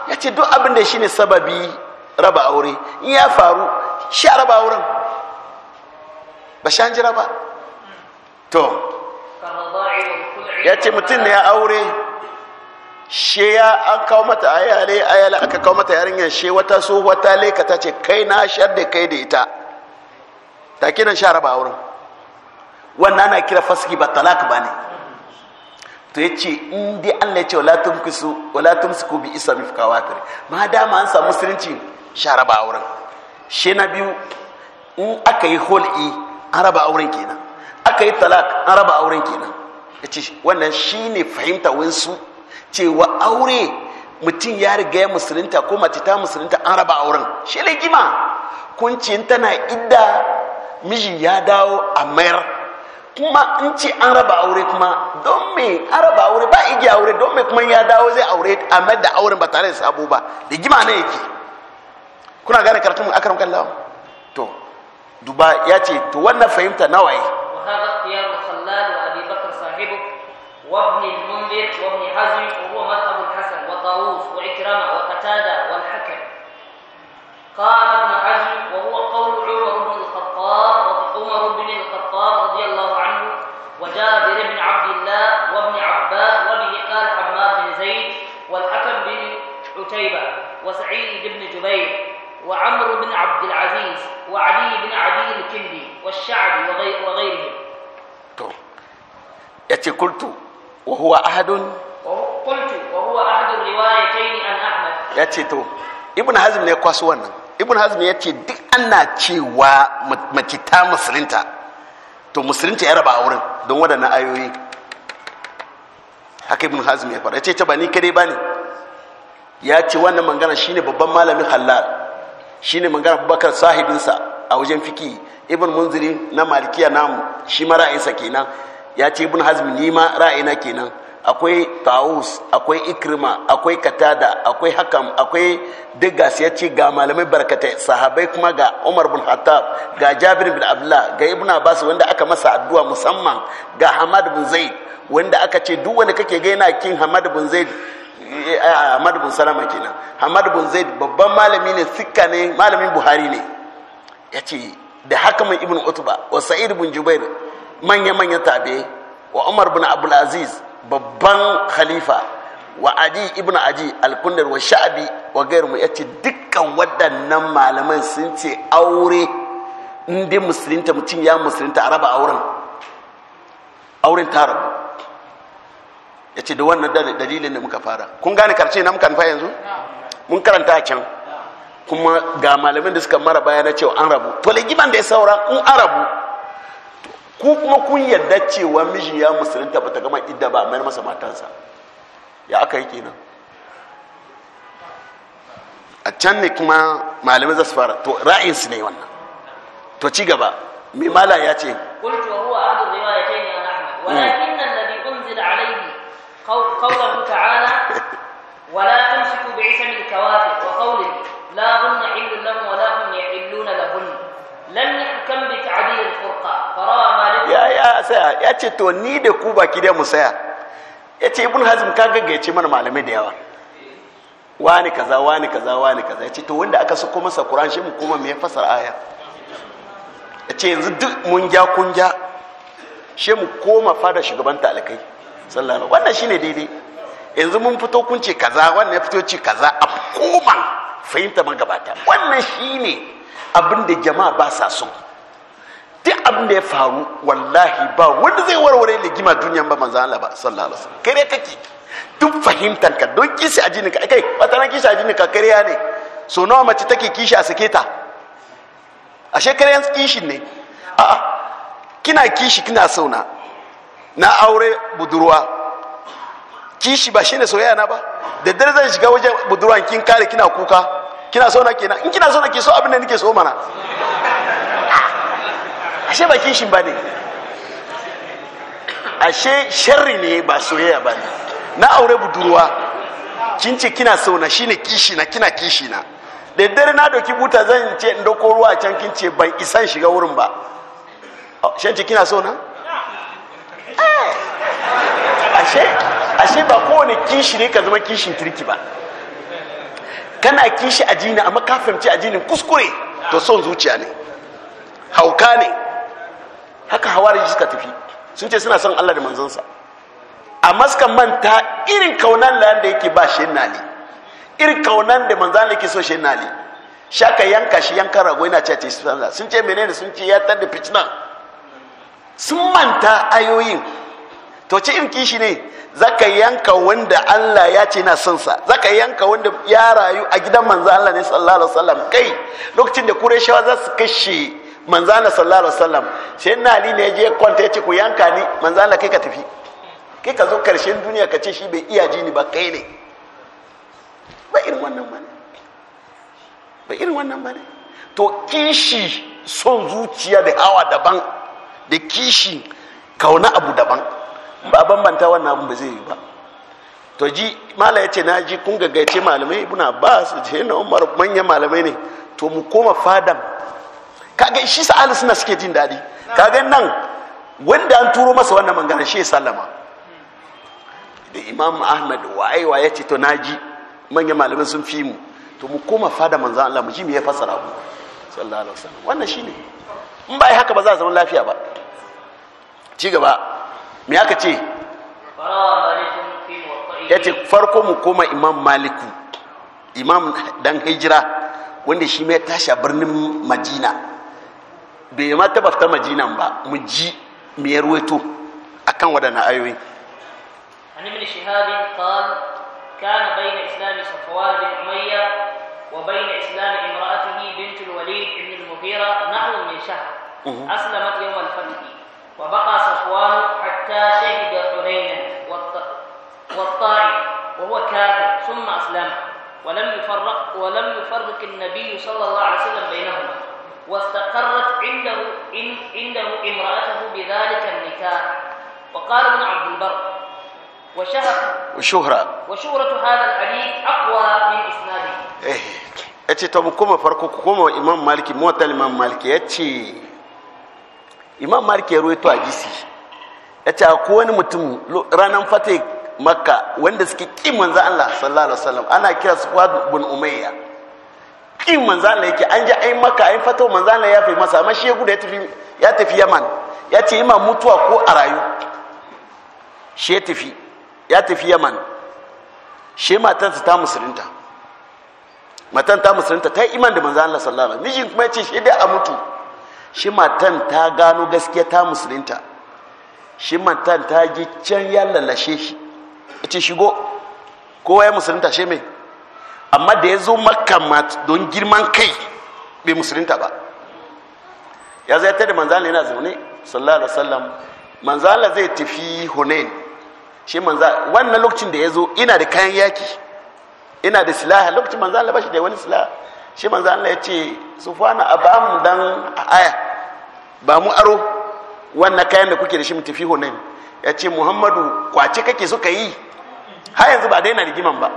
ya ce duk abin da shine sababi raba aure in ya faru shi a raba auren ba shan jira ba to ya ce mutum ne ya aure she ya an kawo mata ayale ayale aka kawo mata yarinyar she wata tsohuwa ta laikata ce kai na shar da kai da ita ta kinan shara ba wurin wannan ana kira faski ba talak ba ne to ya ce indi an ya ce wala tumsiku bi isa mifkawa kare ma dama an samu musulunci shara ba wurin she na biyu in aka yi hol'i an raba auren kenan aka yi talak an raba auren kenan ya ce wannan shi ne fahimta wansu cewa aure mutum ya riga ya musulunta ko mace ta musulunta an raba auren shi ne gima kuncin tana idda miji ya dawo a mayar kuma in ce an raba aure kuma don me an raba aure ba igiya aure don me kuma ya dawo zai aure a mayar da auren ba tare da sabo ba da gima na yake kuna gane karatun akaramkan kallawa duba ya ce to wannan fahimta nawa yi وابن المنذر وابن حزم وهو مذهب الحسن وطاووس وقتادة والحكم قال ابن حزم وهو قول عمر بن الخطاب بن الخطاب رضي الله عنه عبد الله وابن عباس وبه قال بن زيد والحكم بن وسعيد بن جبير وعمرو بن عبد الكندي والشعبي وغير وغيرهم يأتي قلت وهو أحد قلت وهو أحد الروايتين عن أحمد يأتي تو ابن حزم ne kwaso wannan ibn hazm ya ce duk ana cewa مسرنتا تو مسرنتا to musulunta ya raba a wurin don waɗannan ayoyi haka ibn hazm ya faɗa ya ce ta ba ni kadai ba ne ya ce wannan mangana shine babban malamin halal shine mangana babakar sahibinsa a wajen fiki ibn munziri na malikiya na shi ma ra'ayinsa kenan ya ce ibn hazmi ni ma ra'ayina kenan akwai taus akwai ikrima akwai katada akwai hakam akwai gasu ya ce ga malamai barkatai sahabai kuma ga umar bin hattab ga jabir bin abdullah ga ibn abbas wanda aka masa addu'a musamman ga hamad bin zaid wanda aka ce duk wanda kake ga kin hamad bin zaid eh, eh, hamad bin salama kenan hamad bin zaid babban malami ne sikka ne malamin buhari ne ya ce da haka mai ibn utba wa sa'id ibn jubair manya manya tabe wa umar ibn abul aziz babban khalifa wa aji ibn aji alkundar wa sha'abi wa gairu mu yace dukkan waɗannan malaman sun ce aure inda musulunta mutum ya musulunta a raba auren auren ta rabu ya da wannan dalilin da muka fara kun gane karshe na muka nufa yanzu mun karanta a can kuma ga malamin da suka mara baya na cewa an rabu to legiman da ya saura in an rabu ku kuma kun yarda cewa miji ya musulunta ba ta gama idda ba mai masa matansa ya aka yi kenan a can ne kuma malamin za su fara to ra'ayin su ne wannan to ci gaba mai mala ya ce kultu wa huwa adu riwayatayn an ahmad hmm. walakin alayhi wala لا هن حل لهم ولا هم يحلون لهن lam yahkam bi ta'dil al-furqa farawa malik ya ya saya ya ce to ni da ku baki da mu saya ya ce ibn hazm ka gaggace mana malamai da yawa wani kaza wani kaza wani kaza ya to wanda aka sako masa qur'an shi mu kuma me fasar aya ya ce yanzu duk mun ja kun ja shi mu koma fada shugaban talakai sallallahu wannan shine daidai yanzu mun fito kun ce kaza wannan ya fito ce kaza a koma fahimta gabata wannan shine abin da jama'a ba sa so duk abin da ya faru wallahi ba wanda zai warware ligima duniyan ba manzo Allah ba sallallahu alaihi wasallam kare kake duk fahimtar ka don kisi a jinin ka kai wata ran kisi a jinin ka kariya ne so nawa mace take kishi a sake ta ashe kariyan kishin ne a'a kina kishi kina sauna na aure budurwa kishi ba shine soyayya na ba da dare zan shiga wajen budurwa kin kare kina kuka kina so na kenan in kina so na ke so abin da nake so mana ashe ba kishin ba ne ashe sharri ne ba soyayya ba ne na aure budurwa kin ce kina so na shine kishi na kina kishi na da dare na doki buta zan ce in doko ruwa can kin ce ban isan shiga wurin ba shan ce kina so na eh. ashe ashe ba kowane kishi ne ka zama kishin kirki ba kana kishi a jini amma ka fahimci jini kuskure to son zuciya ne hauka ne haka hawariji suka tafi sun ce suna son Allah da manzansa a maskan manta irin kaunan da yake ba shi nali irin kaunan da manzan yake so shi nali shaka yanka shi yanka rago yana ce sun ce menene sun ce ya da fitina sun manta ayoyin to ce in kishi ne zaka yanka wanda Allah ya ce na son sa zaka yanka wanda ya rayu a gidan manzo Allah ne sallallahu alaihi wasallam kai lokacin da Qurayshawa za su kashe manzo Allah sallallahu alaihi wasallam sai na Ali ne ya je kwanta ya ce ku yanka ni manzo Allah kai ka tafi kai ka zo karshen duniya ka ce shi bai iya ji ni ba kai ne ba irin wannan bane ba irin wannan bane to kishi son zuciya da hawa daban da kishi kauna abu daban ba bambanta wannan abin ba zai yi ba to ji mala ya ce na ji kun gaggace malamai ba su je na umar manyan malamai ne to mu koma fadam kaga shi sa'ali suna suke jin daɗi kaga nan wanda an turo masa wannan mangana shi sallama da imam ahmad aiwa ya ce to na ji manyan malamai sun fi mu to mu koma fada manzan Allah mu ji me ya fassara ku sallallahu alaihi wasallam wannan shine in ba haka ba za a zama lafiya ba ci gaba me aka ce ya ce farko mu koma imam maliku imam dan hijira wanda shi mai tashi a birnin majina bai ma taba majinan ba mu ji mai ruwaito a kan waɗannan ayoyi an ibn kana bayna islam safwan bin umayya wa bai islam imra'atihi bint al-walid ibn al-mughira nahwu mhm. aslamat yawm al وبقى صفوان حتى شهد حنينا والطائف وهو كافر ثم أسلم ولم يفرق ولم يفرق النبي صلى الله عليه وسلم بينهما واستقرت عنده إن عنده امرأته بذلك النكاح وقال ابن عبد البر وشهر وشهرة وشهرة هذا الحديث أقوى من إسناده. إيه. أتي طب كم فرق إمام مالك موتى الإمام مالك اتي imam malik ya ruwaito a gisi ya ce ko wani mutum ranar fatih makka wanda suke kin manzo Allah sallallahu alaihi wasallam ana kira su kwadu bin Umayya kin manzo Allah yake an ji ai makka ai fato manzo Allah ya fi masa amma shi ya gudu ya tafi ya tafi Yaman ya ce imam mutuwa ko a rayu shi ya tafi ya tafi Yaman shi matansa ta musulunta matan ta musulunta ta yi iman da manzo Allah sallallahu alaihi wasallam mijin kuma ya ce shi dai a mutu shi matan ta gano gaskiya ta musulinta shi matan ta ji can ya lalashe shi ita shigo kowa ya musulinta shi mai amma da ya zo makamat don girman kai bai musulinta ba ya zai ta da manzana yana zaune sallallahu alaihi wasallam manzana zai tafi hunain shi manza wannan lokacin da ya zo ina da kayan yaki ina da silaha lokacin manzana ba shi da wani silaha shi manzo Allah ya ce su fana a bamu dan aya ba mu aro wannan kayan da kuke da shi mu tafi hunain ya ce muhammadu kwace kake suka yi har yanzu ba daina rigiman ba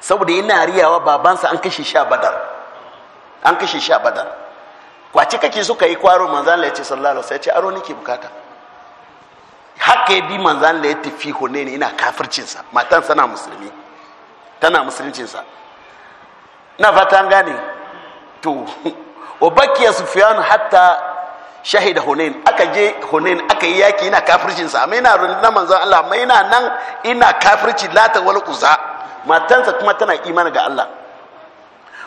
saboda yana riyawa babansa an kashe sha badar an kashe sha badar kwace kake suka yi kwaro manzo Allah ya ce sallallahu alaihi wasallam ya ce aro nake bukata haka ya bi manzo Allah ya tafi hunain ina kafircinsa matan sana musulmi tana musuluncinsa na fatan gane to wa bakiya hatta shahida hunain aka je hunain aka yi yaki ina kafircin sa amma ina rundunar manzon Allah amma ina nan ina kafirci lata wal uza matansa kuma tana imani ga Allah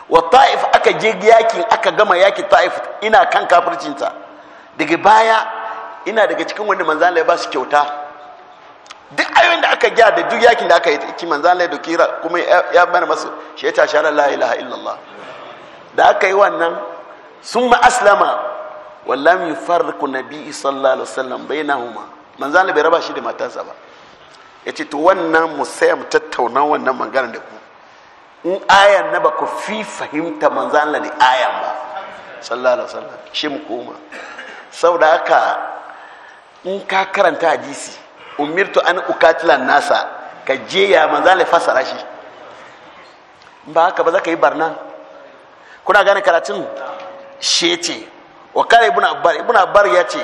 wa ta'if aka je yaki aka gama yaki ta'if ina kan kafircin sa daga baya ina daga cikin wanda manzon Allah ya ba su kyauta duk ayoyin da aka gya da duk yakin da aka yi ki manzan lai da kira kuma ya bana masu shi ya tashi la ilaha illallah da aka yi wannan sun ma aslama wallam yufarriqu nabi sallallahu bai na huma manzan lai bai raba shi da matansa ba Ya ce to wannan musayam mu tattauna wannan magana da ku in ayan na ba ku fi fahimta manzan lai ne ayan ba sallallahu alaihi wasallam shi mu koma saboda haka in ka karanta hadisi umirtu an ukatila nasa ka je ya la fasara shi ba haka ba za ka yi barna kuna gane karatun shi ce wa kare ibn abbar ibn abbar ya ce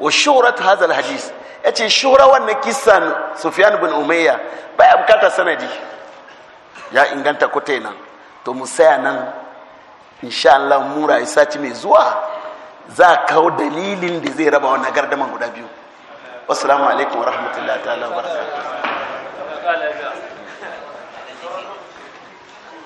wa shurat al hadith ya ce shura wannan kisan sufyan bin umayya ba ya bukata sanadi ya inganta kutai nan to mu saya nan insha Allah mu isa sati mai zuwa za kawo dalilin da zai raba wannan gardaman guda biyu wassalamu alaikum wa rahmatullahi ta'ala wa barakatuh